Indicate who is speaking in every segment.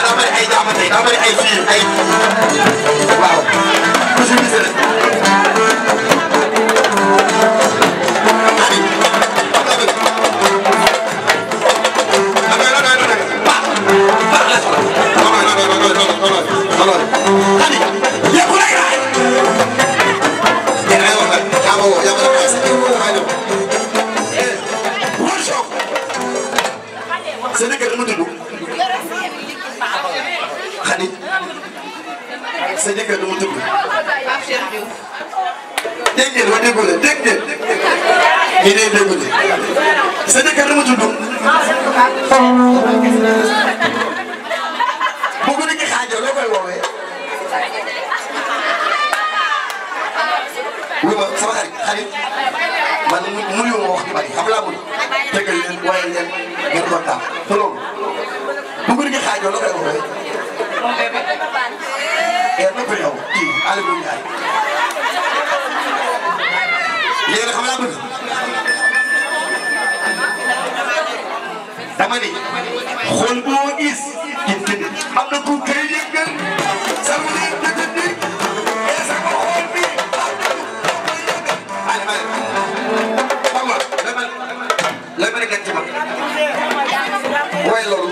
Speaker 1: Touba daa bëri ay jàmba tey daa bëri ay fii ay waaw toujours gis nga Sénégal dama tudd xani sa jëkkër lu mu tudd dégg ngeen wax déggu leen dégg ngeen ñu ne déggu leen sa jëkkër lu mu tudd bu guddi gi xaajoo loo koy woowee lu ma sama xarit xarit man mu mu wax ci bari xam laa mun dégg leen waaye leen ngeen kontaan te loolu xaaral bi Ndiaye léegi nag xam laa bëgg dama ne xool boo gis it tëdd am na ku koy yëngal sama leen dëgg bi et sama xool bi am na ku koy yëngal Aliouma xam nga dama dama ne gàncax ma waaye loolu.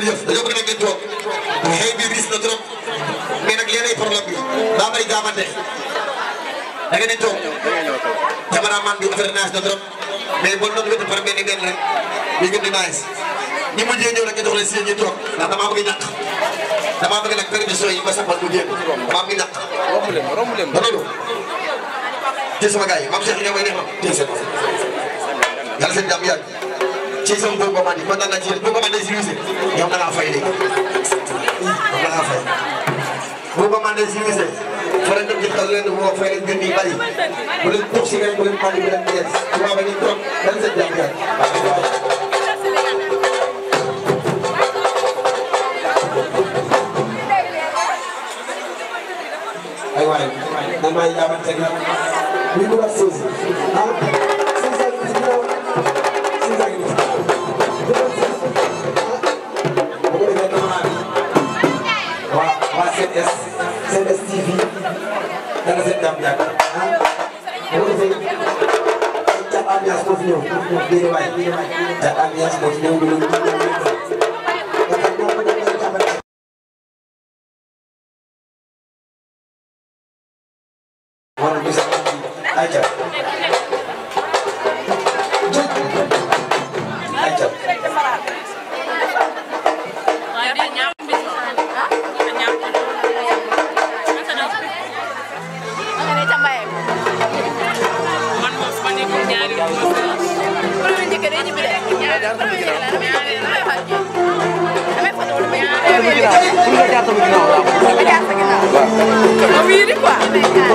Speaker 1: jërëjëf dañoo bëgg ngeen toog xëy bi riis na trop mais nag leenay problème bi daa bëri jaabante da ngeen di toog cameraman bi affaire naaj na trop mais bon noonu wetu par benn benn rek ñu gën di naaj ñi mujjee ñëw nag ñu dox leen si ñu toog ndax damaa bëgg ñàkk damaa bëgg nag permission yi ma sax mu génn damaa bëgg ñàkk. romb leen romb leen ba loolu ci sama gars yi maam Cheikh ñoom ñooy neex ma yàlla seen jàmm yàgg ci seen góob man kontaan naa ci yéen góob man day civilisé ñoom da ngaa fay léegi da ngaa fay góob man day civilisé fa la dem ci xel leen boo fay leen junni bari bu leen tuux si ngeen bu leen màndi bu leen dégg tubaab a ngi toog dañ seen jàngat ay waay man maa ngi jaamante ak yow. te ambiance moo fi ñëw biir waay te ambiance moo fi ñëw ñu ne wala du sax ayca waaw.